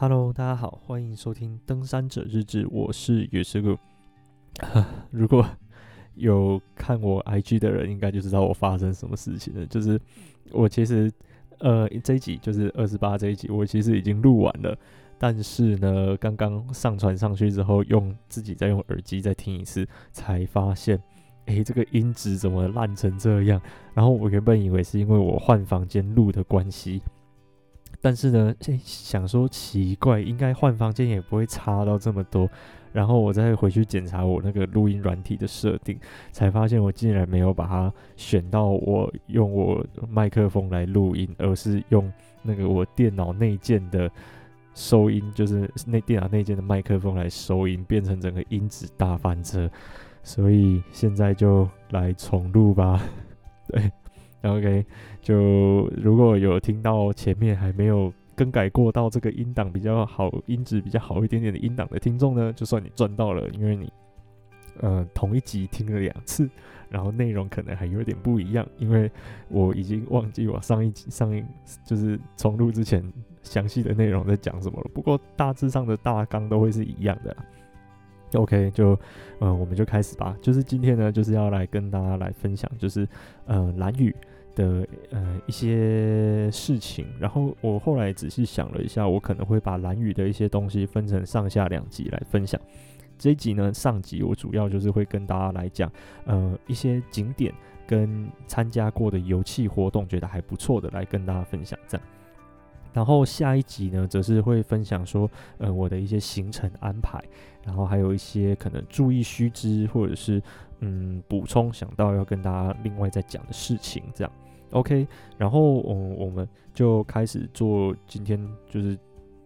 Hello，大家好，歡迎收聽《登山者日誌》，我是野山個。如果有看我 IG 的人，應該就知道我發生什麼事情了。就是我其實呃這一集就是二十八這一集，我其實已經錄完了，但是呢，剛剛上傳上去之後，用自己再用耳機再聽一次，才發現，哎、欸，這個音質怎麼爛成這樣？然後我原本以為是因為我換房間錄的關係。但是呢，哎、欸，想說奇怪，應該換房間也不會差到這麼多。然後我再回去檢查我那個錄音軟體的設定，才發現我竟然沒有把它選到我用我麥克風來錄音，而是用那個我電腦內建的收音，就是那電腦內建的麥克風來收音，變成整個音質大翻車。所以現在就來重錄吧，對。OK，就如果有聽到前面還沒有更改過到這個音檔比較好，音質比較好一點點的音檔的聽眾呢，就算你賺到了，因為你，呃，同一集聽了兩次，然後內容可能還有點不一樣，因為我已經忘記我上一集上一就是重錄之前詳細的內容在講什麼了，不過大致上的大綱都會是一樣的啊。OK，就，嗯、呃、我們就開始吧。就是今天呢，就是要來跟大家來分享，就是，呃，蘭嶼的呃一些事情。然後我後來仔細想了一下，我可能會把蘭嶼的一些東西分成上下兩集來分享。這一集呢，上集我主要就是會跟大家來講，呃，一些景點跟參加過的遊憩活動，覺得還不錯的，來跟大家分享這樣。然後下一集呢，則是會分享說，呃，我的一些行程安排，然後還有一些可能注意須知，或者是嗯，補充想到要跟大家另外再講的事情，這樣，OK。然後，嗯，我們就開始做今天就是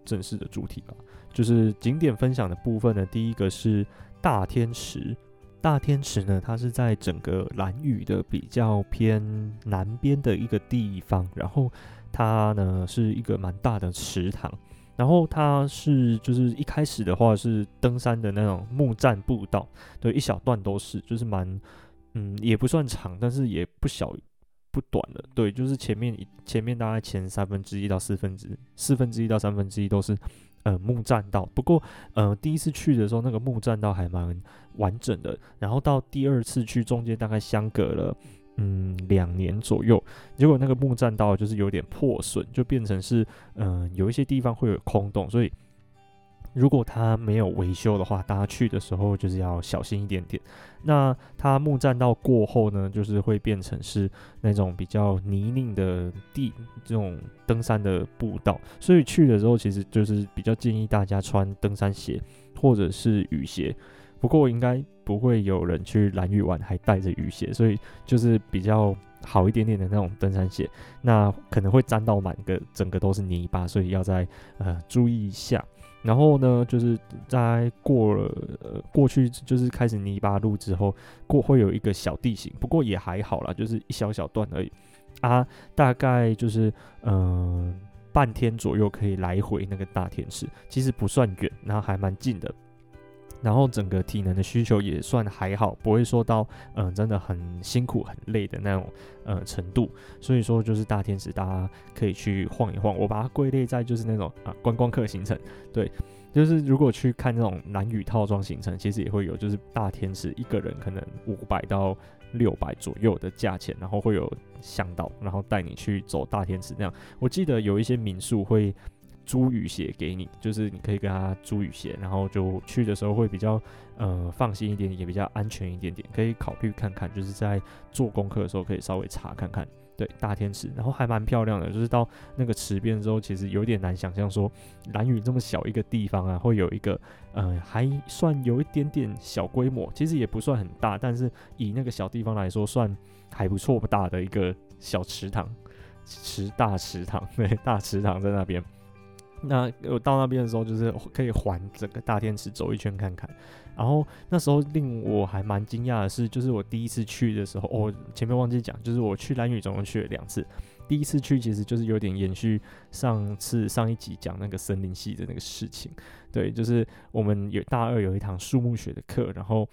正式的主題吧，就是景點分享的部分呢。第一個是大天池，大天池呢，它是在整個蘭嶼的比較偏南邊的一個地方，然後。它呢是一個蠻大的池塘，然後它是就是一開始的話是登山的那種木棧步道，對，一小段都是，就是蠻，嗯，也不算長，但是也不小不短的，對，就是前面前面大概前三分之一到四分之四分之一到三分之一都是，呃，木棧道。不過，呃，第一次去的時候那個木棧道還蠻完整的，然後到第二次去中間大概相隔了。嗯，兩年左右，結果那個木棧道就是有點破損，就變成是嗯、呃、有一些地方會有空洞，所以如果它沒有維修的話，大家去的時候就是要小心一點點。那它木棧道過後呢，就是會變成是那種比較泥濘的地，這種登山的步道，所以去的時候其實就是比較建議大家穿登山鞋或者是雨鞋。不過應該不會有人去蘭嶼玩，還帶着雨鞋，所以就是比較好一點點的那種登山鞋。那可能會沾到滿個整個都是泥巴，所以要再呃注意一下。然後呢，就是在過了、呃、過去就是開始泥巴路之後，過會有一個小地形，不過也還好啦，就是一小小段而已啊。大概就是嗯、呃、半天左右可以來回那個大天池，其實不算遠，然後還蠻近的。然後整個體能的需求也算還好，不會說到嗯、呃、真的很辛苦很累的那種呃程度，所以說就是大天池大家可以去晃一晃，我把它歸類在就是那種啊觀光客行程，對，就是如果去看那種蘭嶼套裝行程，其實也會有就是大天池一個人可能五百到六百左右的價錢，然後會有向導，然後帶你去走大天池那樣。我記得有一些民宿會。租雨鞋給你，就是你可以跟他租雨鞋，然後就去的時候會比較呃放心一點，也比較安全一點點，可以考慮看看。就是在做功課的時候可以稍微查看看，對大天池，然後還蠻漂亮的。就是到那個池邊之後，其實有點難想象說蘭嶼這麼小一個地方啊，會有一個呃還算有一點點小規模，其實也不算很大，但是以那個小地方來說，算還不錯大的一個小池塘，池大池塘對大池塘在那邊。那我到那邊的時候，就是可以環整個大天池走一圈看看。然後那時候令我還蠻驚訝的是，就是我第一次去的時候，我、哦、前面忘記講，就是我去蘭嶼總共去了兩次。第一次去其實就是有點延續上次上一集講那個森林系的那個事情。對，就是我們有大二有一堂樹木學的課，然後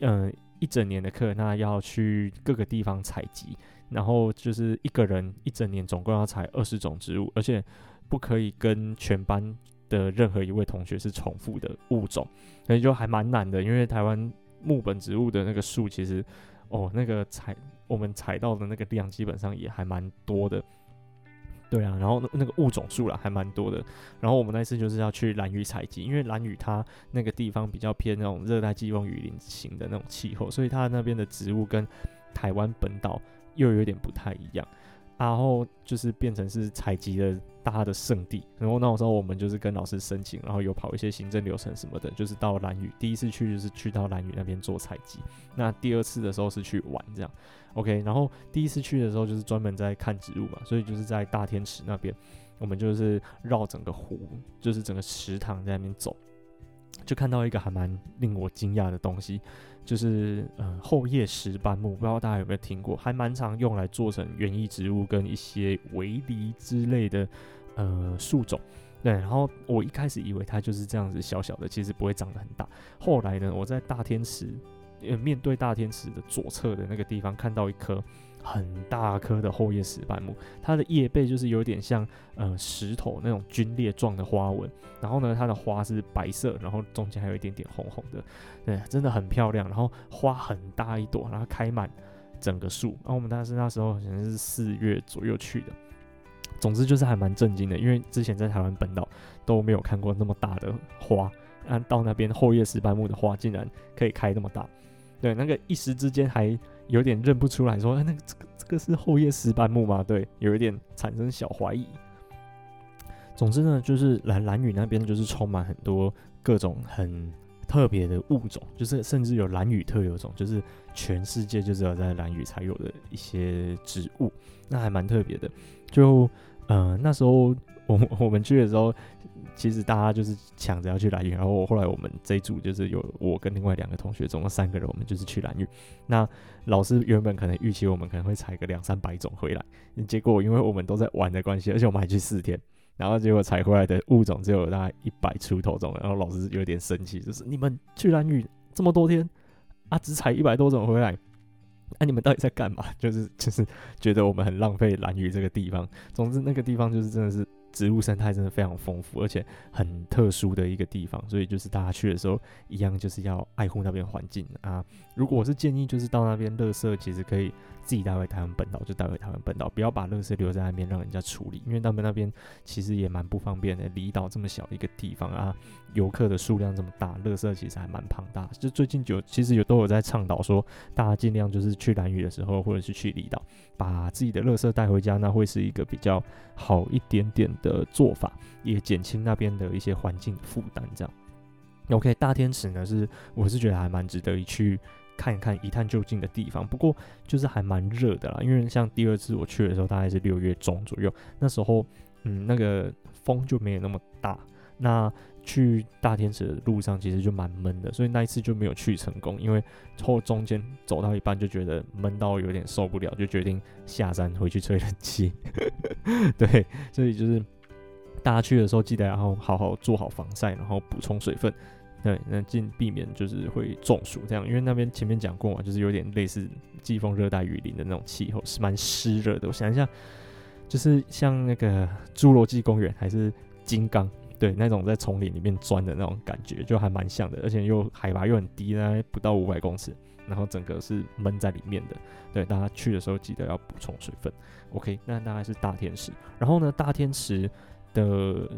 嗯一整年的課，那要去各個地方採集，然後就是一個人一整年總共要採二十種植物，而且。不可以跟全班的任何一位同學是重複的物種，所以就還蠻難的。因為台灣木本植物的那個數，其實哦，那個採我們採到的那個量，基本上也還蠻多的。對啊，然後那個物種數啦還蠻多的。然後我們那次就是要去蘭嶼採集，因為蘭嶼它那個地方比較偏那種熱帶季風雨林型的那種氣候，所以它那邊的植物跟台灣本島又有點不太一樣。啊、然後就是變成是採集的大的聖地，然後那時候我們就是跟老師申請，然後有跑一些行政流程什麼的，就是到蘭嶼第一次去就是去到蘭嶼那邊做採集。那第二次的時候是去玩這樣。OK，然後第一次去的時候就是專門在看植物嘛，所以就是在大天池那邊，我們就是繞整個湖，就是整個池塘在那邊走，就看到一個還蠻令我驚訝的東西。就是呃厚葉石斑木，不知道大家有沒有聽過，還蠻常用來做成園藝植物跟一些圍籬之類的呃樹種。對，然後我一開始以為它就是這樣子小小的，其實不會長得很大。後來呢，我在大天池呃面對大天池的左側的那個地方看到一棵。很大棵的厚葉石斑木，它的葉背就是有點像呃石頭那種龜裂狀的花紋。然後呢，它的花是白色，然後中間還有一點點紅紅的，對，真的很漂亮。然後花很大一朵，然後開滿整個樹。然、啊、後我們當時那時候好像是四月左右去的，總之就是還蠻震驚的，因為之前在台灣本島都沒有看過那麼大的花。啊、到那邊厚葉石斑木的花竟然可以開那麼大，對，那個一時之間還。有點認不出來說，說、欸、哎，那個這個這個是厚葉石斑木嗎？對，有一點產生小懷疑。總之呢，就是蘭蘭嶼那邊就是充滿很多各種很特別的物種，就是甚至有蘭嶼特有種，就是全世界就只有在蘭嶼才有的一些植物，那還蠻特別的。就嗯、呃，那時候我們我們去的時候。其實大家就是搶着要去蘭嶼，然後我後來我們這一組就是有我跟另外兩個同學，總共三個人，我們就是去蘭嶼。那老師原本可能預期我們可能會採個兩三百種回來，結果因為我們都在玩的關係，而且我們還去四天，然後結果採回來的物種只有大概一百出頭種，然後老師有點生氣，就是你們去蘭嶼這麼多天啊，只採一百多種回來，啊你們到底在幹嘛？就是就是覺得我們很浪費蘭嶼這個地方。總之那個地方就是真的是。植物生態真的非常豐富，而且很特殊的一個地方，所以就是大家去的時候，一樣就是要愛護那邊環境啊。如果我是建議，就是到那邊垃圾，其實可以自己帶回台灣本島，就帶回台灣本島，不要把垃圾留在那邊讓人家處理，因為他們那邊其實也蠻不方便的、欸。離島這麼小一個地方啊，遊客的數量這麼大，垃圾其實還蠻龐大的。就最近有其實有都有在倡導說，大家盡量就是去蘭嶼的時候，或者是去離島，把自己的垃圾帶回家，那會是一個比較好一點點的做法，也減輕那邊的一些環境負擔，這樣。OK，大天池呢，是我是覺得還蠻值得去看一看、一探究竟的地方。不過就是還蠻熱的啦，因為像第二次我去的時候大概是六月中左右，那時候嗯，那個風就沒有那麼大。那去大天池的路上其實就蠻悶的，所以那一次就沒有去成功，因為從中間走到一半就覺得悶到有點受不了，就決定下山回去吹冷氣。 對，所以就是。大家去的時候記得，然後好好做好防曬，然後補充水分，對，那盡避免就是會中暑這樣。因為那邊前面講過嘛，就是有點類似季風熱帶雨林的那種氣候，是蠻濕熱的。我想一下，就是像那個《侏羅紀公園》還是《金剛》對，那種在叢林裡面鑽的那種感覺，就還蠻像的。而且又海拔又很低，大概不到五百公尺，然後整個是悶在裡面的。對，大家去的時候記得要補充水分。OK，那大概是大天池。然後呢，大天池的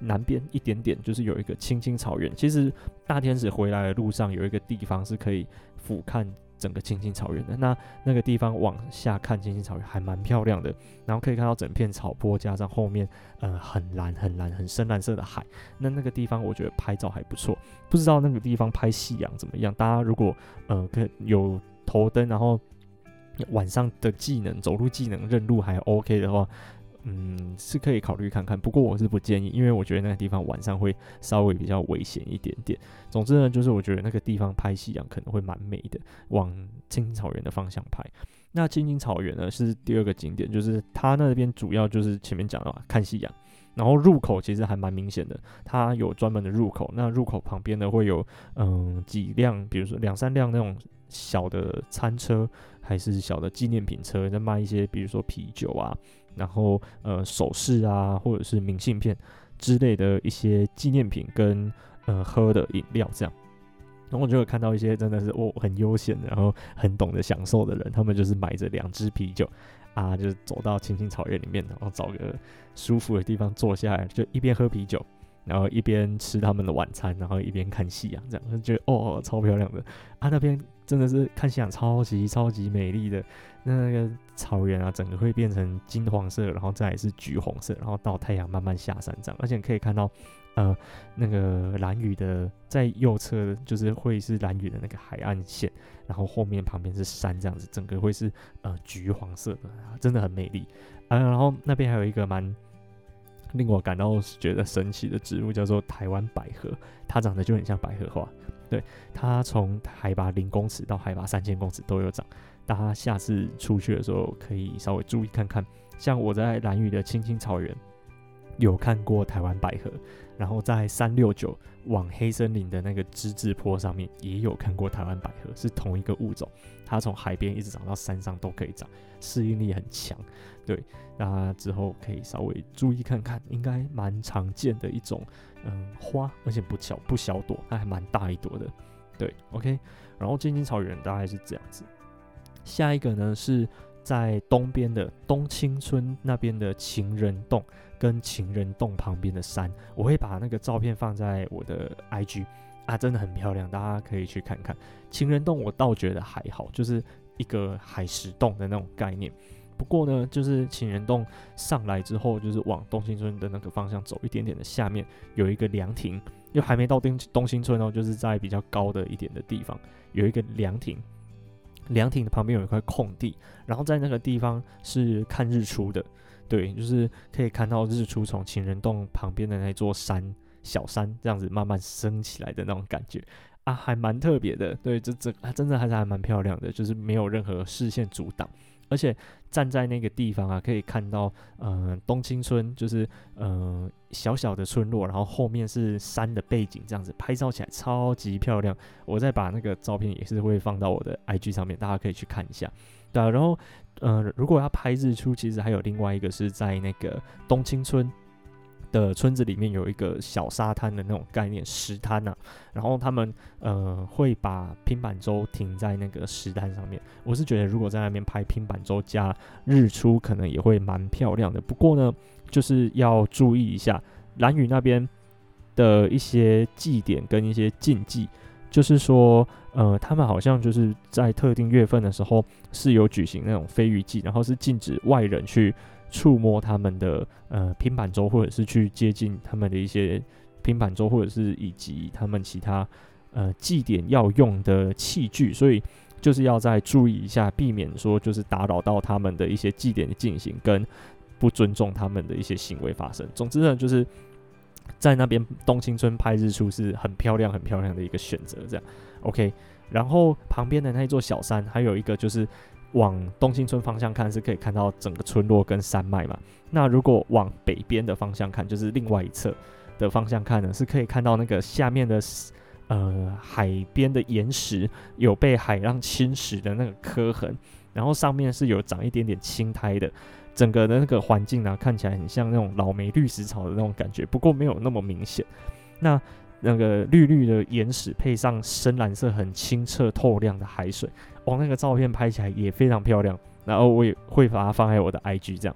南邊一點點，就是有一個青青草原。其實大天池回來的路上有一個地方是可以俯瞰整個青青草原的。那那個地方往下看青青草原還蠻漂亮的，然後可以看到整片草坡，加上後面呃很藍、很藍、很深藍色的海。那那個地方我覺得拍照還不錯，不知道那個地方拍夕陽怎麼樣？大家如果呃可有頭燈，然後晚上的技能、走路技能認路還 OK 的話。嗯，是可以考慮看看，不過我是不建議，因為我覺得那個地方晚上會稍微比較危險一點點。總之呢，就是我覺得那個地方拍夕陽可能會蠻美的。往青青草原的方向拍，那青青草原呢是第二個景點，就是它那邊主要就是前面講的嘛，看夕陽，然後入口其實還蠻明顯的，它有專門的入口。那入口旁邊呢會有嗯幾輛，比如說兩三輛那種小的餐車，還是小的紀念品車，在賣一些比如說啤酒啊。然後呃，首飾啊，或者是明信片之類的一些紀念品跟，跟呃喝的飲料這樣。然後就會看到一些真的是哦，很悠閒然後很懂得享受的人，他們就是買着兩支啤酒啊，就走到青青草原裡面，然後找個舒服的地方坐下來，就一邊喝啤酒，然後一邊吃他們的晚餐，然後一邊看夕陽，這樣就哦，超漂亮的啊那邊。真的是看夕陽超級超級美麗的那，那個草原啊，整個會變成金黃色，然後再來是橘紅色，然後到太陽慢慢下山這樣，而且可以看到，呃，那個蘭嶼的在右側就是會是蘭嶼的那個海岸線，然後後面旁邊是山這樣子，整個會是呃橘黃色的，真的很美麗。啊、呃，然後那邊還有一個蠻令我感到覺得神奇的植物，叫做台灣百合，它長得就很像百合花。對，它從海拔零公尺到海拔三千公尺都有長，大家下次出去的時候可以稍微注意看看。像我在蘭嶼的青青草原有看過台灣百合，然後在三六九往黑森林的那個之字坡上面也有看過台灣百合，是同一個物種。它從海邊一直長到山上都可以長，適應力很強。對，那之後可以稍微注意看看，應該蠻常見的一種。嗯，花，而且不小，不小朵，它還蠻大一朵的。對，OK。然後青青草原大概是這樣子。下一個呢是在東邊的東清村那邊的情人洞跟情人洞旁邊的山，我會把那個照片放在我的 IG 啊，真的很漂亮，大家可以去看看。情人洞我倒覺得還好，就是一個海蝕洞的那種概念。不過呢，就是情人洞上來之後，就是往東興村的那個方向走一點點的下面，有一個涼亭，又還沒到東東興村哦，就是在比較高的一點的地方有一個涼亭，涼亭的旁邊有一塊空地，然後在那個地方是看日出的，對，就是可以看到日出從情人洞旁邊的那座山小山這樣子慢慢升起來的那種感覺啊，還蠻特別的，對，這這還真的還是還蠻漂亮的，就是沒有任何視線阻擋。而且站在那個地方啊，可以看到，嗯、呃，東清村就是嗯、呃、小小的村落，然後後面是山的背景，這樣子拍照起來超級漂亮。我再把那個照片也是會放到我的 IG 上面，大家可以去看一下。對啊，然後嗯、呃，如果要拍日出，其實還有另外一個是在那個東清村。的村子裡面有一個小沙灘的那種概念石灘吶，然後他們呃會把拼板舟停在那個石灘上面。我是覺得如果在那邊拍拼板舟加日出，可能也會蠻漂亮的。不過呢，就是要注意一下蘭嶼那邊的一些祭典跟一些禁忌，就是說呃他們好像就是在特定月份的時候是有舉行那種飛魚祭，然後是禁止外人去。觸摸他們的呃拼板舟，或者是去接近他們的一些拼板舟，或者是以及他們其他呃祭典要用的器具，所以就是要再注意一下，避免說就是打擾到他們的一些祭典的進行，跟不尊重他們的一些行為發生。總之呢，就是在那邊東清村拍日出是很漂亮、很漂亮的一個選擇。這樣，OK。然後旁邊的那一座小山，還有一個就是。往東清村方向看，是可以看到整個村落跟山脈嘛。那如果往北邊的方向看，就是另外一側的方向看呢，是可以看到那個下面的呃海邊的岩石有被海浪侵蝕的那個刻痕，然後上面是有長一點點青苔的，整個的那個環境呢、啊，看起來很像那種老梅綠石槽的那種感覺，不過沒有那麼明顯。那那個綠綠的岩石配上深藍色、很清澈透亮的海水，哇、哦，那個照片拍起來也非常漂亮。然後我也會把它放在我的 IG，這樣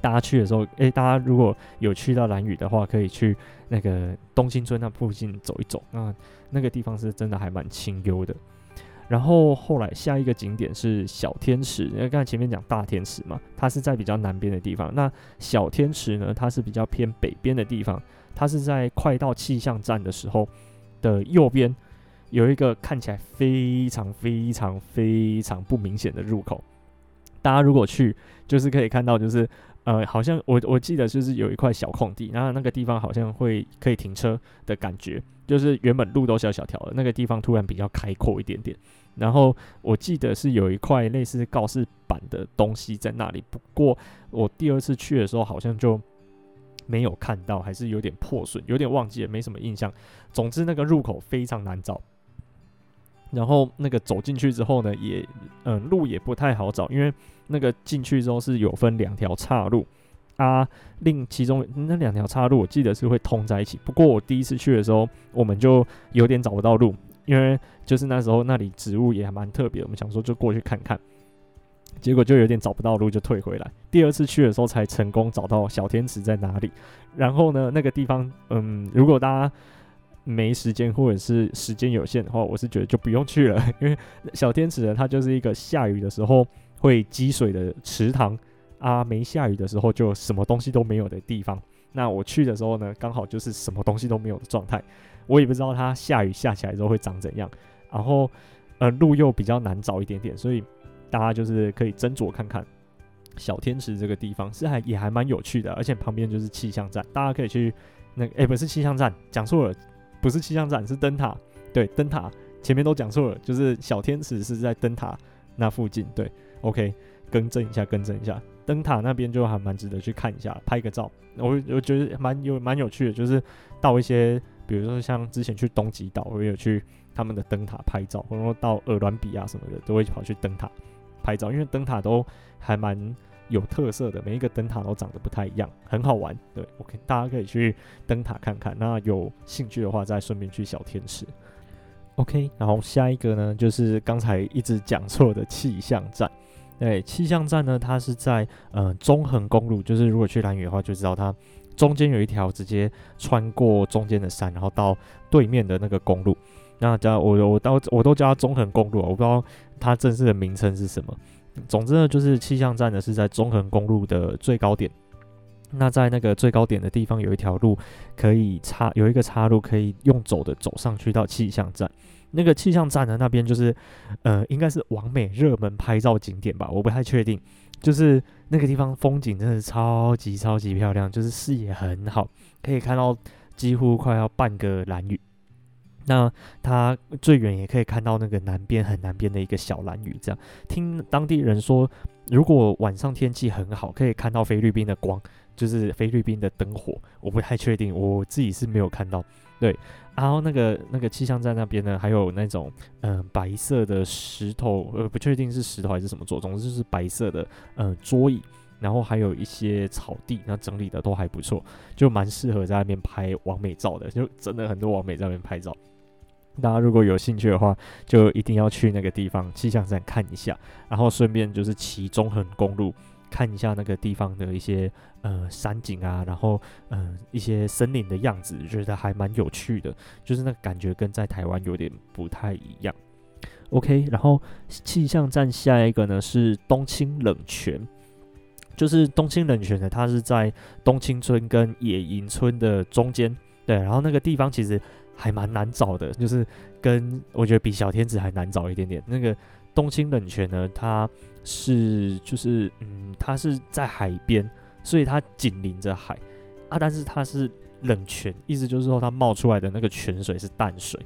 大家去的時候，誒、欸，大家如果有去到蘭嶼的話，可以去那個東興村那附近走一走。那那個地方是真的還蠻清幽的。然後後來下一個景點是小天池，因為剛才前面講大天池嘛，它是在比較南邊的地方，那小天池呢，它是比較偏北邊的地方。它是在快到氣象站的時候的右邊，有一個看起來非常非常非常不明顯的入口。大家如果去，就是可以看到，就是呃，好像我我記得就是有一塊小空地，然後那個地方好像會可以停車的感覺，就是原本路都是小小條的，那個地方突然比較開闊一點點。然後我記得是有一塊類似告示板的東西在那裡，不過我第二次去的時候好像就，沒有看到，還是有點破損，有點忘記也沒什麼印象。總之，那個入口非常難找。然後，那個走進去之後呢，也，嗯、呃，路也不太好找，因為那個進去之後是有分兩條岔路啊，另其中那兩條岔路我記得是會通在一起。不過我第一次去的時候，我們就有點找不到路，因為就是那時候那裡植物也還蠻特別，我們想說就過去看看。結果就有點找不到路，就退回來。第二次去的時候才成功找到小天池在哪裡。然後呢，那個地方，嗯，如果大家沒時間或者是時間有限的話，我是覺得就不用去了，因為小天池呢，它就是一個下雨的時候會積水的池塘啊，沒下雨的時候就什麼東西都沒有的地方。那我去的時候呢，剛好就是什麼東西都沒有的狀態，我也不知道它下雨下起來之後會長怎樣。然後，呃、嗯，路又比較難找一點點，所以。大家就是可以斟酌看看，小天池這個地方是還也還蠻有趣的，而且旁邊就是氣象站，大家可以去那個，欸，不是氣象站，講錯了，不是氣象站是燈塔，對，燈塔，前面都講錯了，就是小天池是在燈塔那附近，對，OK 更正一下，更正一下，燈塔那邊就還蠻值得去看一下，拍個照，我我覺得蠻有蠻有趣的，就是到一些比如說像之前去東極島，我有去他們的燈塔拍照，然後到鵝鑾鼻啊什麼的都會跑去燈塔。拍照，因為燈塔都還蠻有特色的，每一個燈塔都長得不太一樣，很好玩。對，OK，大家可以去燈塔看看。那有興趣的話，再順便去小天池。OK，然後下一個呢，就是剛才一直講錯的氣象站。對，氣象站呢，它是在嗯、呃、中橫公路，就是如果去蘭嶼的話，就知道它中間有一條直接穿過中間的山，然後到對面的那個公路。那加，我我都我都叫它中橫公路啊，我不知道它正式的名稱是什麼。總之呢，就是氣象站呢，是在中橫公路的最高點。那在那個最高點的地方有一條路可以插，有一個岔路可以用走的走上去到氣象站。那個氣象站的那邊就是，呃，應該是網美熱門拍照景點吧，我不太確定。就是那個地方風景真的超級超級漂亮，就是視野很好，可以看到幾乎快要半個蘭嶼。那它最遠也可以看到那個南邊很南邊的一個小蘭嶼。這樣，聽當地人說，如果晚上天氣很好，可以看到菲律賓的光，就是菲律賓的燈火。我不太確定，我自己是沒有看到。對，然後那個那個氣象站那邊呢，還有那種嗯、呃、白色的石頭，呃不確定是石頭還是什麼做，總之是白色的嗯、呃、桌椅，然後還有一些草地，然後整理的都還不錯，就蠻適合在那邊拍網美照的，就真的很多網美在那邊拍照。大家如果有興趣的話，就一定要去那個地方氣象站看一下，然後順便就是騎中橫公路看一下那個地方的一些呃山景啊，然後嗯、呃、一些森林的樣子，覺得還蠻有趣的，就是那個感覺跟在台灣有點不太一樣。OK，然後氣象站下一個呢是東清冷泉，就是東清冷泉呢，它是在東清村跟野銀村的中間，對，然後那個地方其實。還蠻難找的，就是跟我覺得比小天池還難找一點點。那個東清冷泉呢，它是就是嗯，它是在海邊，所以它緊鄰着海啊，但是它是冷泉，意思就是說它冒出來的那個泉水是淡水，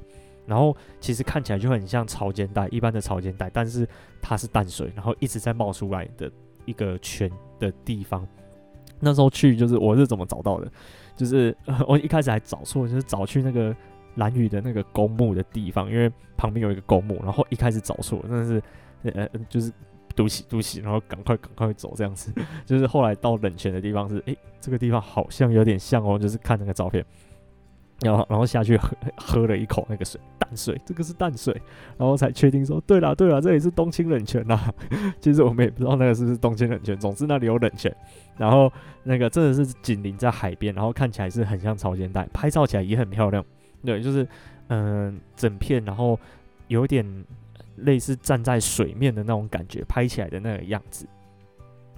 然後其實看起來就很像潮間帶一般的潮間帶，但是它是淡水，然後一直在冒出來的一個泉的地方。那時候去就是我是怎麼找到的？就是我一開始還找錯，就是找去那個。蘭嶼的那個公墓的地方，因為旁邊有一個公墓，然後一開始找錯了，但是，呃，就是堵起堵起，然後趕快趕快走這樣子。就是後來到冷泉的地方是，誒、欸，這個地方好像有點像哦，就是看那個照片，然後然後下去喝喝了一口那個水，淡水，這個是淡水，然後才確定說，對啦對啦，這裡是東清冷泉吶、啊。其實我們也不知道那個是不是東清冷泉，總之那裡有冷泉。然後那個真的是緊鄰在海邊，然後看起來是很像潮間帶，拍照起來也很漂亮。對，就是，嗯、呃，整片，然後有點類似站在水面的那種感覺，拍起來的那個樣子。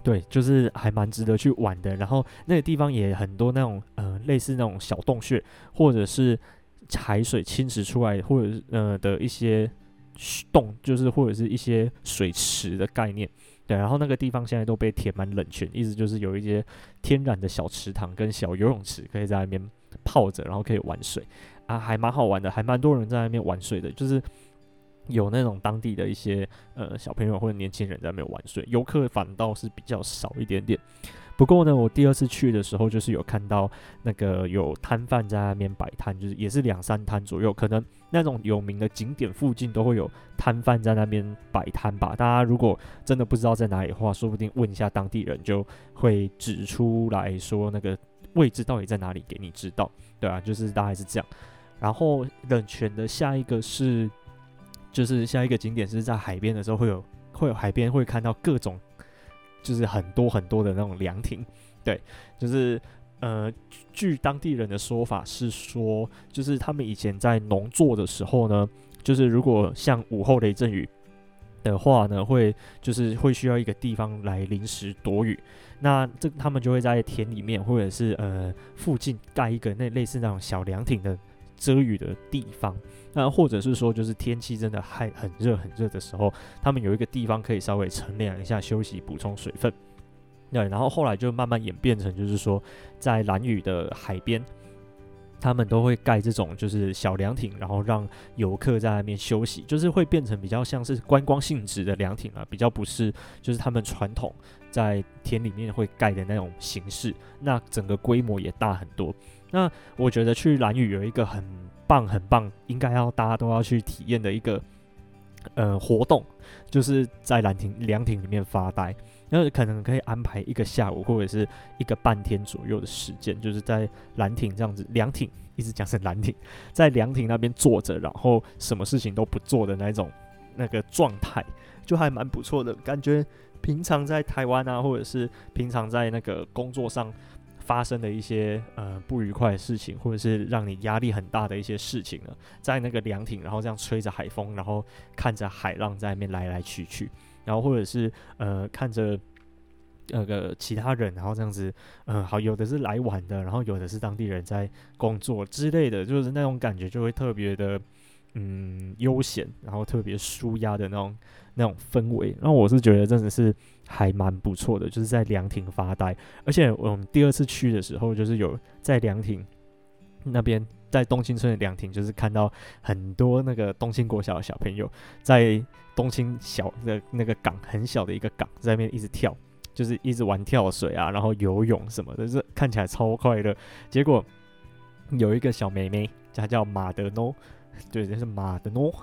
對，就是還蠻值得去玩的。然後那個地方也很多那種，呃，類似那種小洞穴，或者是海水侵蝕出來，或者呃的一些洞，就是或者是一些水池的概念。對，然後那個地方現在都被填滿冷泉，意思就是有一些天然的小池塘跟小游泳池，可以在裡面泡着，然後可以玩水。還蠻好玩的，還蠻多人在那邊玩水的，就是有那種當地的一些呃小朋友或者年輕人在那邊玩水，遊客反倒是比較少一點點。不過呢，我第二次去的時候，就是有看到那個有攤販在那邊擺攤，就是也是兩三攤左右。可能那種有名的景點附近都會有攤販在那邊擺攤吧。大家如果真的不知道在哪裡的話，說不定問一下當地人就會指出來說那個位置到底在哪裡給你知道，對啊，就是大概是這樣。然後冷泉的下一個是，就是下一個景點是在海邊的時候會有會有海邊會看到各種，就是很多很多的那種涼亭。對，就是呃，據當地人的說法是說，就是他們以前在農作的時候呢，就是如果像午後雷陣雨的話呢，會就是會需要一個地方來臨時躲雨。那這他們就會在田裡面或者是呃附近蓋一個那類似那種小涼亭的。遮雨的地方，那或者是說，就是天氣真的還很熱很熱的時候，他們有一個地方可以稍微乘涼一下、休息、補充水分。對，然後後來就慢慢演變成，就是說，在蘭嶼的海邊，他們都會蓋這種就是小涼亭，然後讓遊客在外面休息，就是會變成比較像是觀光性質的涼亭啊，比較不是就是他們傳統在田裡面會蓋的那種形式。那整個規模也大很多。那我覺得去蘭嶼有一個很棒很棒，應該要大家都要去體驗的一個呃活動，就是在蘭亭涼亭裡面發呆，那可能可以安排一個下午或者是一個半天左右的時間，就是在蘭亭這樣子涼亭，一直講是蘭亭，在涼亭那邊坐着，然後什麼事情都不做的那種那個狀態，就還蠻不錯的感覺。平常在台灣啊，或者是平常在那個工作上。發生的一些呃不愉快的事情，或者是讓你壓力很大的一些事情呢，在那個涼亭，然後這樣吹着海風，然後看着海浪在外面來來去去，然後或者是呃看着那個、呃、其他人，然後這樣子，嗯、呃，好，有的是來玩的，然後有的是當地人在工作之類的，就是那種感覺就會特別的。嗯，悠閒，然後特別舒壓的那種那種氛圍，然後我是覺得真的是還蠻不錯的，就是在涼亭發呆。而且我們第二次去的時候，就是有在涼亭那邊，在東清村的涼亭，就是看到很多那個東清國小的小朋友在東清小的那個港很小的一個港，在那邊一直跳，就是一直玩跳水啊，然後游泳什麼的，就是看起來超快樂。結果有一個小妹妹，她叫馬德諾。對，就是馬的諾，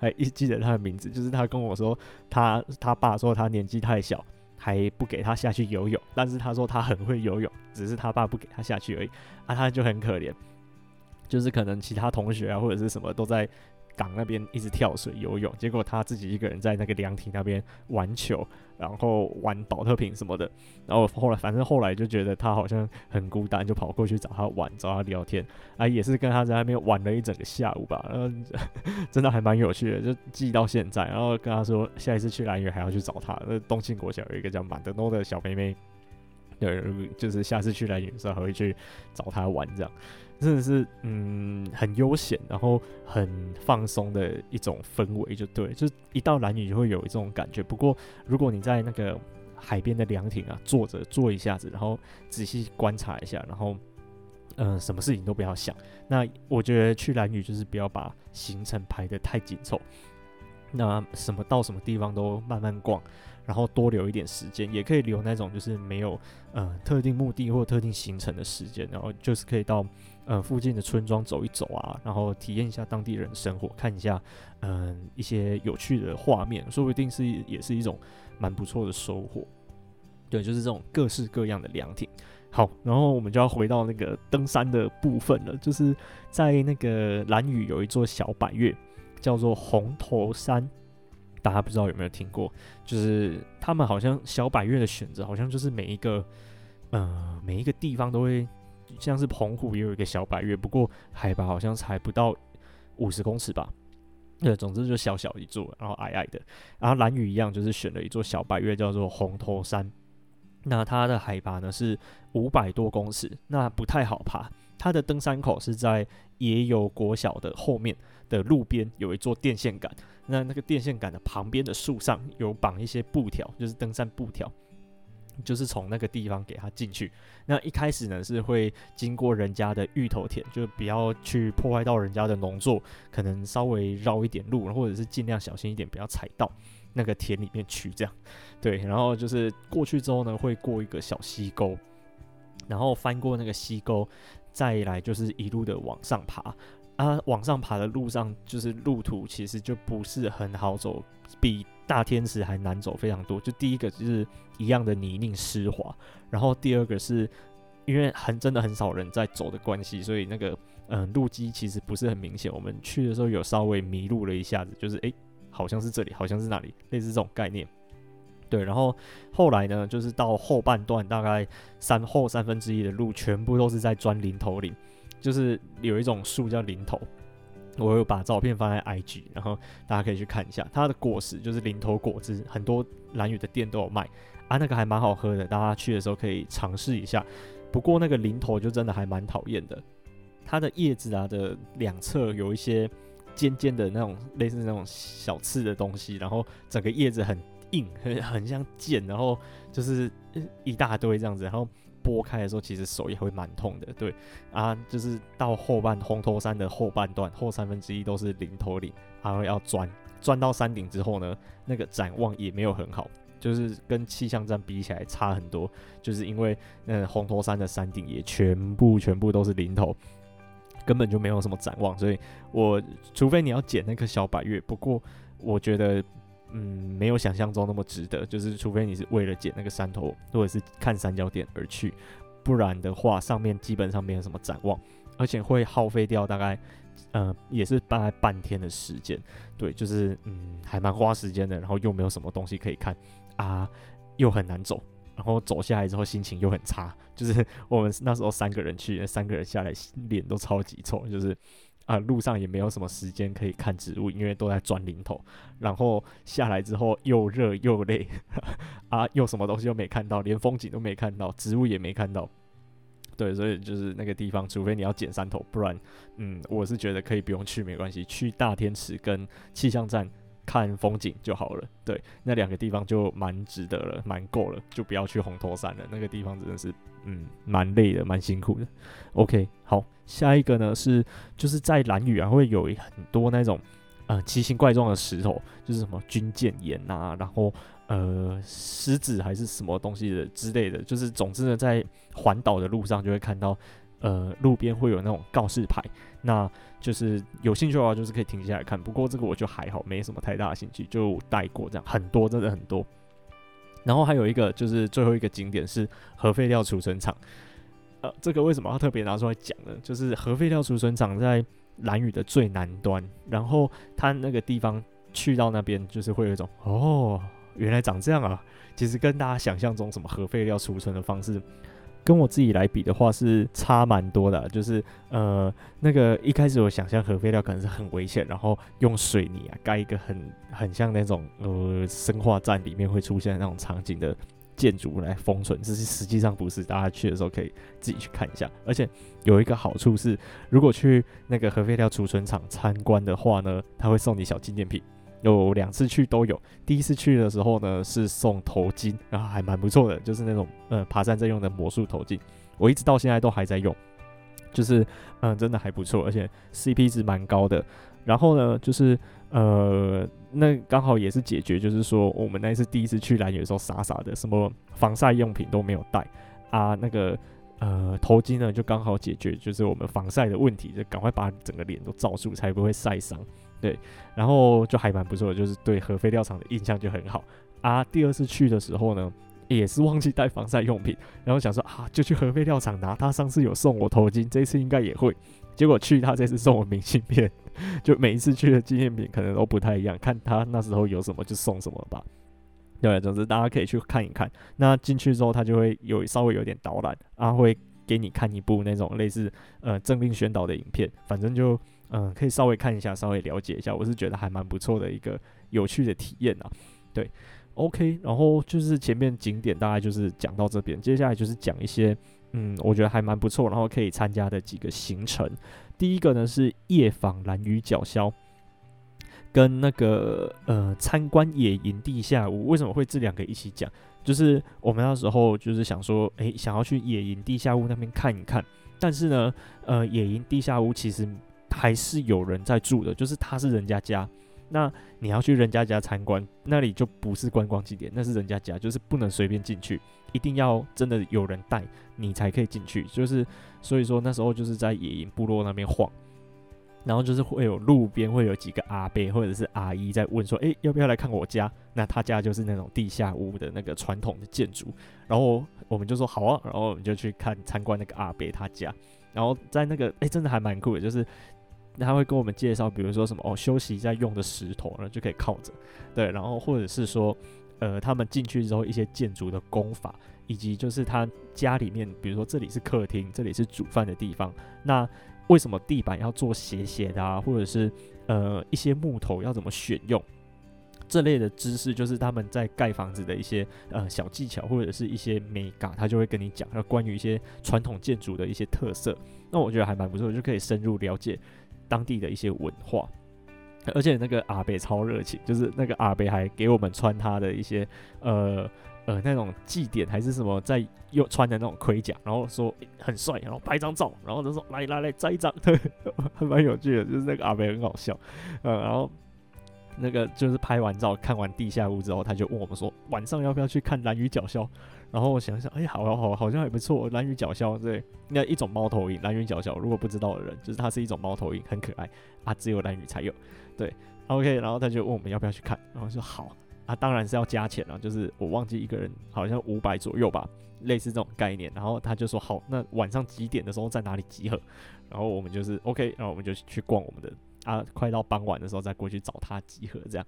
還一直記得他的名字。就是他跟我說他，他他爸說他年紀太小，還不給他下去游泳。但是他說他很會游泳，只是他爸不給他下去而已。啊，他就很可憐，就是可能其他同學啊或者是什麼都在。港那邊一直跳水游泳，結果他自己一個人在那個涼亭那邊玩球，然後玩寶特瓶什麼的。然後後來，反正後來就覺得他好像很孤單，就跑過去找他玩，找他聊天。啊，也是跟他在那邊玩了一整個下午吧。嗯，真的還蠻有趣的，就記到現在。然後跟他說，下一次去蘭嶼還要去找他。那東清國小有一個叫馬德諾的小妹妹，對，就是下次去蘭嶼的時候還會去找他玩這樣。真的是，嗯，很悠閒，然後很放鬆的一種氛圍，就對，就是一到蘭嶼就會有這種感覺。不過如果你在那個海邊的涼亭啊，坐着坐一下子，然後仔細觀察一下，然後，呃，什麼事情都不要想。那我覺得去蘭嶼就是不要把行程排得太緊湊，那什麼到什麼地方都慢慢逛，然後多留一點時間，也可以留那種就是沒有呃特定目的或特定行程的時間，然後就是可以到。呃，附近的村莊走一走啊，然後體驗一下當地人的生活，看一下，嗯、呃，一些有趣的畫面，說不定是也是一種蠻不錯的收穫。對，就是這種各式各樣的涼亭。好，然後我們就要回到那個登山的部分了，就是在那個蘭嶼有一座小百岳，叫做紅頭山，大家不知道有沒有聽過？就是他們好像小百岳的選擇，好像就是每一個，呃，每一個地方都會。像是澎湖也有一個小百岳，不過海拔好像才不到五十公尺吧。對，總之就小小一座，然後矮矮的。然後蘭嶼一樣，就是選了一座小百岳，叫做紅頭山。那它的海拔呢是五百多公尺，那不太好爬。它的登山口是在野銀國小的後面的路邊有一座電線桿，那那個電線桿的旁邊的樹上有綁一些布條，就是登山布條。就是從那個地方給它進去。那一開始呢，是會經過人家的芋頭田，就不要去破壞到人家的農作，可能稍微繞一點路，或者是盡量小心一點，不要踩到那個田裡面去。這樣，對。然後就是過去之後呢，會過一個小溪溝，然後翻過那個溪溝，再來就是一路的往上爬。啊，往上爬的路上，就是路途其實就不是很好走，比。大天池還難走非常多，就第一個就是一樣的泥濘濕滑，然後第二個是因為很真的很少人在走的關係，所以那個嗯路徑其實不是很明顯。我們去的時候有稍微迷路了一下子，就是誒、欸，好像是這裡，好像是那裡，類似這種概念。對，然後後來呢，就是到後半段大概三後三分之一的路全部都是在鑽林投林，就是有一種樹叫林投。我有把照片放在 IG，然後大家可以去看一下它的果實，就是林投果汁，很多蘭嶼的店都有賣啊，那個還蠻好喝的，大家去的時候可以嘗試一下。不過那個林投就真的還蠻討厭的，它的葉子啊的兩側有一些尖尖的那種，類似那種小刺的東西，然後整個葉子很硬，很很像劍，然後就是一大堆這樣子，然後。撥開的時候，其實手也會蠻痛的。對，啊，就是到後半紅頭山的後半段，後三分之一都是林投林，然後要鑽。鑽到山頂之後呢，那個展望也沒有很好，就是跟氣象站比起來差很多，就是因為那紅頭山的山頂也全部全部都是林投，根本就沒有什麼展望。所以我，我除非你要撿那個小百岳，不過我覺得。嗯，沒有想象中那麼值得，就是除非你是為了撿那個山頭或者是看三角點而去，不然的話，上面基本上沒有什麼展望，而且會耗費掉大概，呃，也是大概半天的時間。對，就是嗯，還蠻花時間的，然後又沒有什麼東西可以看啊，又很難走，然後走下來之後心情又很差，就是我們那時候三個人去，三個人下來臉都超級臭，就是。啊，路上也沒有什麼時間可以看植物，因為都在鑽林頭，然後下來之後又熱又累呵呵，啊，又什麼東西都沒看到，連風景都沒看到，植物也沒看到。對，所以就是那個地方，除非你要撿山頭，不然，嗯，我是覺得可以不用去，沒關係，去大天池跟氣象站。看風景就好了，對，那兩個地方就蠻值得了，蠻夠了，就不要去紅頭山了，那個地方真的是，嗯，蠻累的，蠻辛苦的。OK，好，下一個呢是，就是在蘭嶼啊，會有很多那種，呃，奇形怪狀的石頭，就是什麼軍艦岩啊，然後呃，獅子還是什麼東西的之類的，就是總之呢，在環島的路上就會看到，呃，路邊會有那種告示牌。那就是有興趣的話，就是可以停下來看。不過這個我就還好，沒什麼太大的興趣，就帶過這樣。很多，真的很多。然後還有一個，就是最後一個景點是核廢料儲存場。呃，這個為什麼要特別拿出來講呢？就是核廢料儲存場在蘭嶼的最南端，然後它那個地方去到那邊，就是會有一種哦，原來長這樣啊。其實跟大家想象中什麼核廢料儲存的方式。跟我自己來比的話，是差蠻多的，啊。就是呃，那個一開始我想象核廢料可能是很危險，然後用水泥啊蓋一個很很像那種呃，生化站裡面會出現那種場景的建築來封存，這是實際上不是。大家去的時候可以自己去看一下。而且有一個好處是，如果去那個核廢料儲存場參觀的話呢，他會送你小紀念品。有兩次去都有，第一次去的時候呢是送頭巾，啊，還蠻不錯的，就是那種呃爬山在用的魔術頭巾，我一直到現在都還在用，就是嗯真的還不錯，而且 CP 值蠻高的。然後呢就是呃那剛好也是解決，就是說、哦、我們那一次第一次去蘭嶼的時候傻傻的，什麼防曬用品都沒有帶啊，那個呃頭巾呢就剛好解決，就是我們防曬的問題，就趕快把整個臉都罩住，才不會曬傷。對，然後就還蠻不錯的，就是對核廢料廠的印象就很好啊。第二次去的時候呢，也是忘記帶防曬用品，然後想說啊，就去核廢料廠拿。他上次有送我頭巾，這次應該也會。結果去他這次送我明信片，就每一次去的紀念品可能都不太一樣，看他那時候有什麼就送什麼吧。對，總之大家可以去看一看。那進去之後，他就會有稍微有點導覽啊，會給你看一部那種類似呃政令宣導的影片，反正就。嗯，可以稍微看一下，稍微了解一下，我是覺得還蠻不錯的一個有趣的體驗啊。對，OK，然後就是前面景點大概就是講到這邊，接下來就是講一些嗯，我覺得還蠻不錯，然後可以參加的幾個行程。第一個呢是夜訪蘭嶼角鴞，跟那個呃參觀野銀地下屋。為什麼會這兩個一起講？就是我們那時候就是想說，誒，想要去野銀地下屋那邊看一看，但是呢，呃，野銀地下屋其實。還是有人在住的，就是他是人家家，那你要去人家家參觀，那裡就不是觀光景點，那是人家家，就是不能隨便進去，一定要真的有人帶你才可以進去。就是所以說那時候就是在野銀部落那邊晃，然後就是會有路邊會有幾個阿伯或者是阿姨在問說，哎、欸，要不要來看我家？那他家就是那種地下屋的那個傳統的建築，然後我們就說好啊，然後我們就去看參觀那個阿伯他家，然後在那個哎、欸、真的還蠻酷的，就是。那他會跟我們介紹，比如說什麼哦，休息在用的石頭，然後就可以靠着，對，然後或者是說，呃，他們進去之後一些建築的工法，以及就是他家裡面，比如說這裡是客廳，這裡是煮飯的地方，那為什麼地板要做斜斜的啊，或者是呃一些木頭要怎麼選用，這類的知識就是他們在蓋房子的一些呃小技巧，或者是一些美感，他就會跟你講，那關於一些傳統建築的一些特色，那我覺得還蠻不錯，就可以深入了解。當地的一些文化，而且那個阿伯超熱情，就是那個阿伯還給我們穿他的一些呃呃那種祭典還是什麼，在又穿的那種盔甲，然後說、欸、很帥，然後拍張照，然後他說來來來，摘一張，對，還蠻有趣的，就是那個阿伯很搞笑，嗯，然後那個就是拍完照看完地下屋之後，他就問我們說晚上要不要去看蘭嶼角鴞。然後我想想，哎，好好好，好，好像還不錯。蘭嶼角鴞，對，那一種貓頭鷹，蘭嶼角鴞。如果不知道的人，就是它是一種貓頭鷹，很可愛啊，只有蘭嶼才有。對，OK。然後他就問我們要不要去看，然後說好啊，當然是要加錢了，啊，就是我忘記一個人好像五百左右吧，類似這種概念。然後他就說好，那晚上幾點的時候在哪裡集合？然後我們就是 OK，然後我們就去逛我們的啊，快到傍晚的時候再過去找他集合這樣。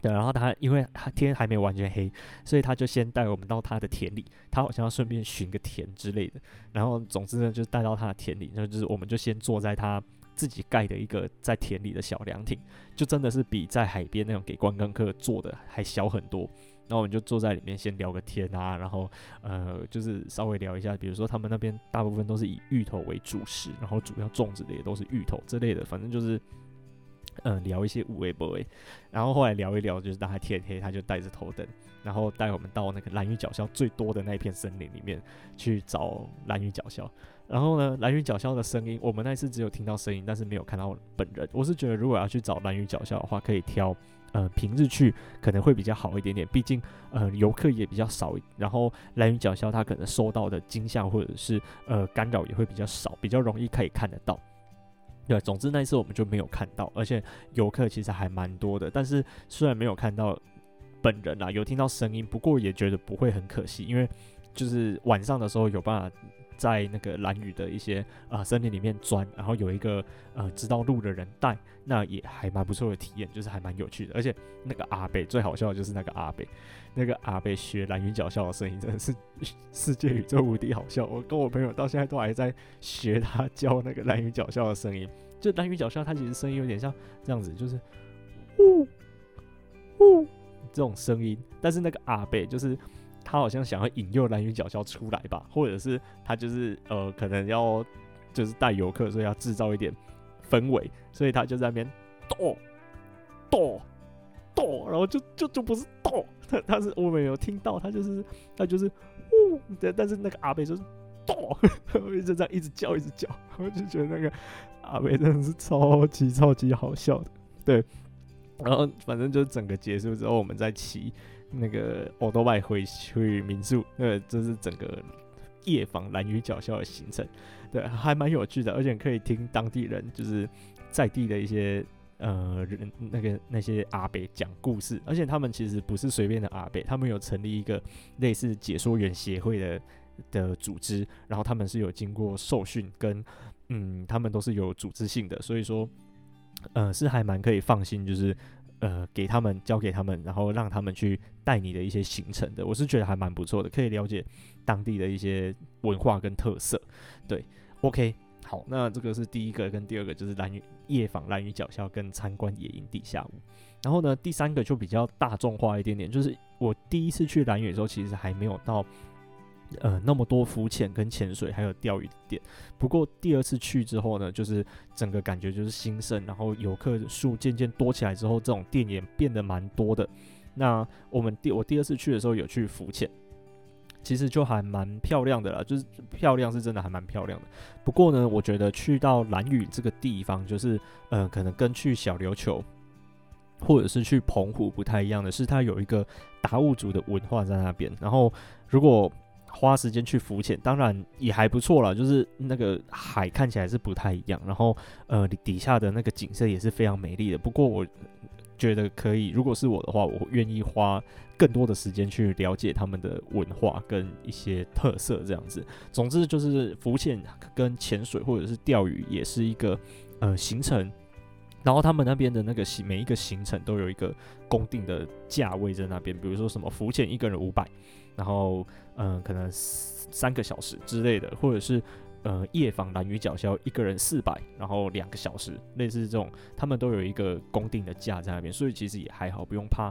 對，然後他因為他天還沒完全黑，所以他就先帶我們到他的田裡，他好像要順便尋個田之類的。然後總之呢，就是帶到他的田裡，那就，就是我們就先坐在他自己蓋的一個在田裡的小涼亭，就真的是比在海邊那種給觀光客坐的還小很多。然後我們就坐在裡面先聊個天啊，然後呃就是稍微聊一下，比如說他們那邊大部分都是以芋頭為主食，然後主要種植的也都是芋頭之類的，反正就是。嗯，聊一些有的沒的，然後後來聊一聊，就是當他天黑，他就帶着頭燈，然後帶我們到那個蘭嶼角鴞最多的那一片森林裡面去找蘭嶼角鴞。然後呢，蘭嶼角鴞的聲音，我們那一次只有聽到聲音，但是沒有看到本人。我是覺得，如果要去找蘭嶼角鴞的話，可以挑呃平日去，可能會比較好一點點，畢竟呃遊客也比較少，然後蘭嶼角鴞他可能受到的驚嚇或者是呃干擾也會比較少，比較容易可以看得到。對，總之那一次我們就沒有看到，而且遊客其實還蠻多的。但是雖然沒有看到本人啦，啊，有聽到聲音，不過也覺得不會很可惜，因為就是晚上的時候有辦法在那個蘭嶼的一些啊、呃、森林裡面鑽，然後有一個呃知道路的人帶，那也還蠻不錯的體驗，就是還蠻有趣的。而且那個阿北最好笑的就是那個阿北。那個阿伯學蘭嶼角鴞的聲音真的是世界宇宙無敵好笑，我跟我朋友到現在都還在學他教那個蘭嶼角鴞的聲音。就蘭嶼角鴞，他其實聲音有點像這樣子，就是嗚嗚這種聲音。但是那個阿伯，就是他好像想要引誘蘭嶼角鴞出來吧，或者是他就是呃，可能要就是帶遊客，所以要制造一點氛圍，所以他就在那邊跺跺跺，然後就就就不是。哦，他他是我沒有聽到，他就是他就是，哦，對，但是那個阿伯就是，哦、呃，一直這樣一直叫一直叫，我 就覺得那個阿伯真的是超級超級好笑的，對。然後反正就整個結束之後，我們再騎那個歐多拜回去民宿，那個就是整個夜訪蘭嶼角鴞的行程，對，還蠻有趣的，而且可以聽當地人就是在地的一些。呃，人那個那些阿伯講故事，而且他們其實不是隨便的阿伯，他們有成立一個類似解說員協會的的組織，然後他們是有經過受訓跟，嗯，他們都是有組織性的，所以說，呃，是還蠻可以放心，就是呃，給他們交給他們，然後讓他們去帶你的一些行程的，我是覺得還蠻不錯的，可以了解當地的一些文化跟特色，對，OK。好，那這個是第一個跟第二個，就是蘭嶼夜訪蘭嶼角鴞跟參觀野銀地下屋。然後呢，第三個就比較大眾化一點點，就是我第一次去蘭嶼的時候，其實還沒有到呃那麼多浮潛跟潛水還有釣魚的店。不過第二次去之後呢，就是整個感覺就是興盛，然後遊客數漸漸多起來之後，這種店也變得蠻多的。那我們第我第二次去的時候有去浮潛。其實就還蠻漂亮的啦，就是漂亮是真的還蠻漂亮的。不過呢，我覺得去到蘭嶼這個地方，就是呃，可能跟去小琉球或者是去澎湖不太一樣的是，它有一個達悟族的文化在那邊。然後如果花時間去浮潛，當然也還不錯啦。就是那個海看起來是不太一樣，然後呃底下的那個景色也是非常美麗的。不過我。覺得可以，如果是我的話，我願意花更多的時間去了解他們的文化跟一些特色，這樣子。總之就是浮潛跟潛水或者是釣魚也是一個呃行程，然後他們那邊的那個行每一個行程都有一個固定的價位在那邊，比如說什麼浮潛一個人五百，然後嗯、呃、可能三個小時之類的，或者是。呃，夜訪蘭嶼角鴞一個人四百，然後兩個小時，類似這種，他們都有一個公定的價在那邊，所以其實也還好，不用怕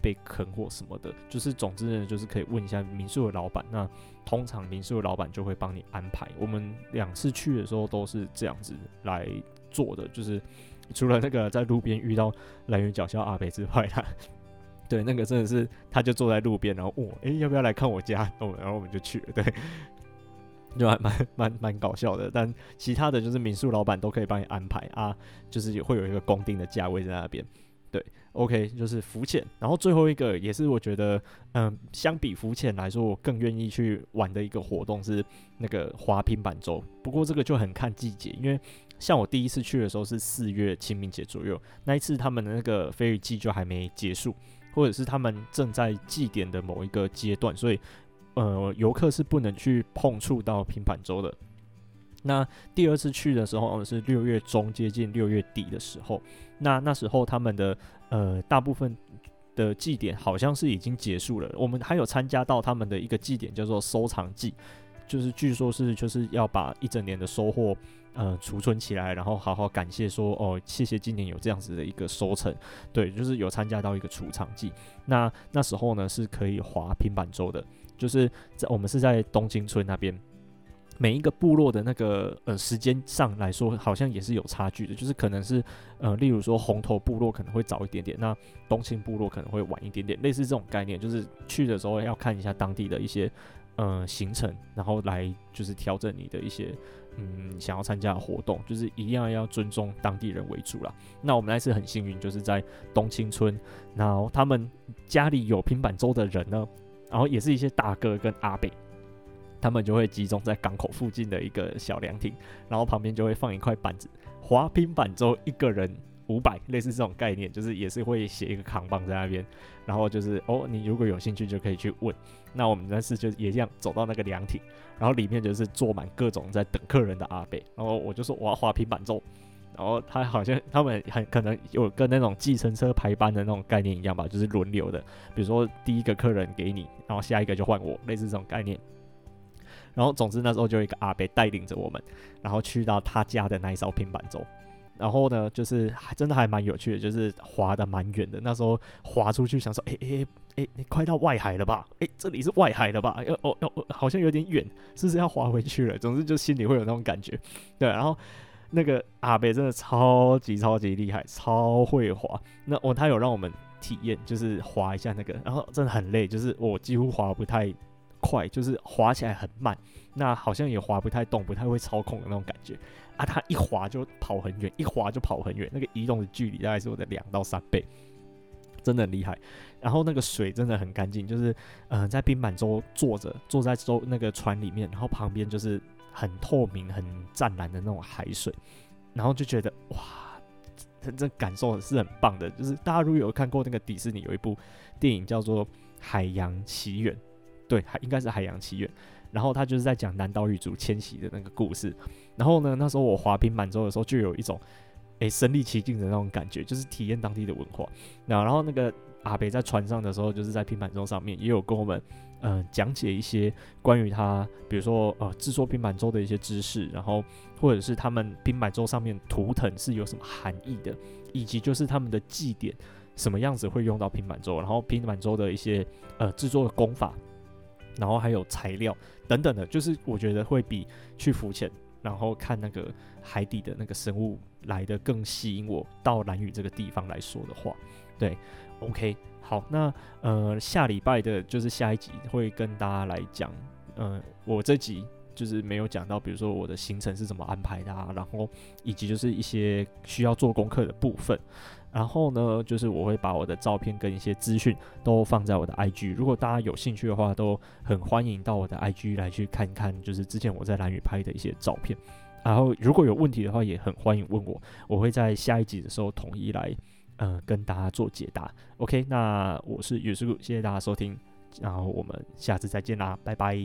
被坑或什麼的。就是總之呢，就是可以問一下民宿的老闆，那通常民宿的老闆就會幫你安排。我們兩次去的時候都是這樣子來做的，就是除了那個在路邊遇到蘭嶼角鴞阿北之外，他，對，那個真的是他就坐在路邊，然後問我，哎、欸，要不要來看我家？然後我們就去了，對。就還蠻蠻蠻搞笑的，但其他的就是民宿老闆都可以幫你安排啊，就是也會有一個公定的價位在那邊。對，OK，就是浮潛。然後最後一個也是我覺得，嗯、呃，相比浮潛來說，我更願意去玩的一個活動是那個劃拼板舟。不過這個就很看季節，因為像我第一次去的時候是四月清明節左右，那一次他們的那個飛魚季就還沒結束，或者是他們正在祭典的某一個階段，所以。呃，遊客是不能去碰觸到拼板舟的。那第二次去的時候是六月中接近六月底的時候，那那時候他們的呃大部分的祭典好像是已經結束了。我們還有參加到他們的一個祭典叫做收藏祭，就是據說是就是要把一整年的收穫。呃，儲存起來，然後好好感謝說哦，謝謝今年有這樣子的一個收成，對，就是有參加到一個儲藏季。那那時候呢是可以划拼板舟的，就是在我們是在東清村那邊，每一個部落的那個呃時間上來說，好像也是有差距的，就是可能是呃，例如說紅頭部落可能會早一點點，那東清部落可能會晚一點點，類似這種概念，就是去的時候要看一下當地的一些呃行程，然後來就是調整你的一些。嗯，想要參加的活動，就是一樣要尊重當地人為主啦。那我們那次很幸運，就是在東清村，然後他們家裡有拼板舟的人呢，然後也是一些大哥跟阿伯，他們就會集中在港口附近的一個小涼亭，然後旁邊就會放一塊板子，划拼板舟一個人五百，類似這種概念，就是也是會寫一個扛棒在那邊，然後就是哦，你如果有興趣就可以去問。那我們那次就也這樣走到那個涼亭，然後裡面就是坐滿各種在等客人的阿伯，然後我就說我要劃拼板舟，然後他好像他們很可能有跟那種計程車排班的那種概念一樣吧，就是輪流的，比如說第一個客人給你，然後下一個就換我，類似這種概念。然後總之那時候就有一個阿伯帶領着我們，然後去到他家的那一艘拼板舟。然後呢，就是還真的還蠻有趣的，就是滑得蠻遠的。那時候滑出去，想說，誒誒誒，你快到外海了吧？誒、欸，這裡是外海了吧？要哦哦哦，好像有點遠，是不是要滑回去了？總之就心裡會有那種感覺。對，然後那個阿伯真的超級超級厲害，超會滑。那我、哦、他有讓我們體驗，就是滑一下那個，然後真的很累，就是我、哦、幾乎滑不太快，就是滑起來很慢，那好像也滑不太動，不太會操控的那種感覺。啊，它一滑就跑很遠，一滑就跑很遠，那個移動的距離大概是我的兩到三倍，真的很厲害。然後那個水真的很乾淨，就是嗯、呃，在拼板舟坐着，坐在舟那個船裡面，然後旁邊就是很透明、很湛藍的那種海水，然後就覺得哇，真正感受的是很棒的。就是大家如果有看過那個迪士尼有一部電影叫做《海洋奇緣》，對，應該是《海洋奇緣》。然後他就是在講南島語族遷徙的那個故事。然後呢，那時候我划拼板舟的時候，就有一種誒、欸，身歷其境的那種感覺，就是體驗當地的文化。那然後那個阿北在船上的時候，就是在拼板舟上面也有跟我們嗯、呃、講解一些關於他，比如說呃制作拼板舟的一些知識，然後或者是他們拼板舟上面圖騰是有什麼含義的，以及就是他們的祭典什麼樣子會用到拼板舟，然後拼板舟的一些呃制作的工法。然後還有材料等等的，就是我覺得會比去浮潛，然後看那個海底的那個生物來的更吸引我。到蘭嶼這個地方來說的話，對，OK，好，那呃下禮拜的就是下一集會跟大家來講，嗯、呃，我這集。就是沒有講到，比如說我的行程是怎麼安排的，啊，然後以及就是一些需要做功課的部分。然後呢，就是我會把我的照片跟一些資訊都放在我的 IG，如果大家有興趣的話，都很歡迎到我的 IG 來去看看，就是之前我在蘭嶼拍的一些照片。然後如果有問題的話，也很歡迎問我，我會在下一集的時候統一來，嗯、呃，跟大家做解答。OK，那我是 u 師傅，謝謝大家收聽，然後我們下次再見啦，拜拜。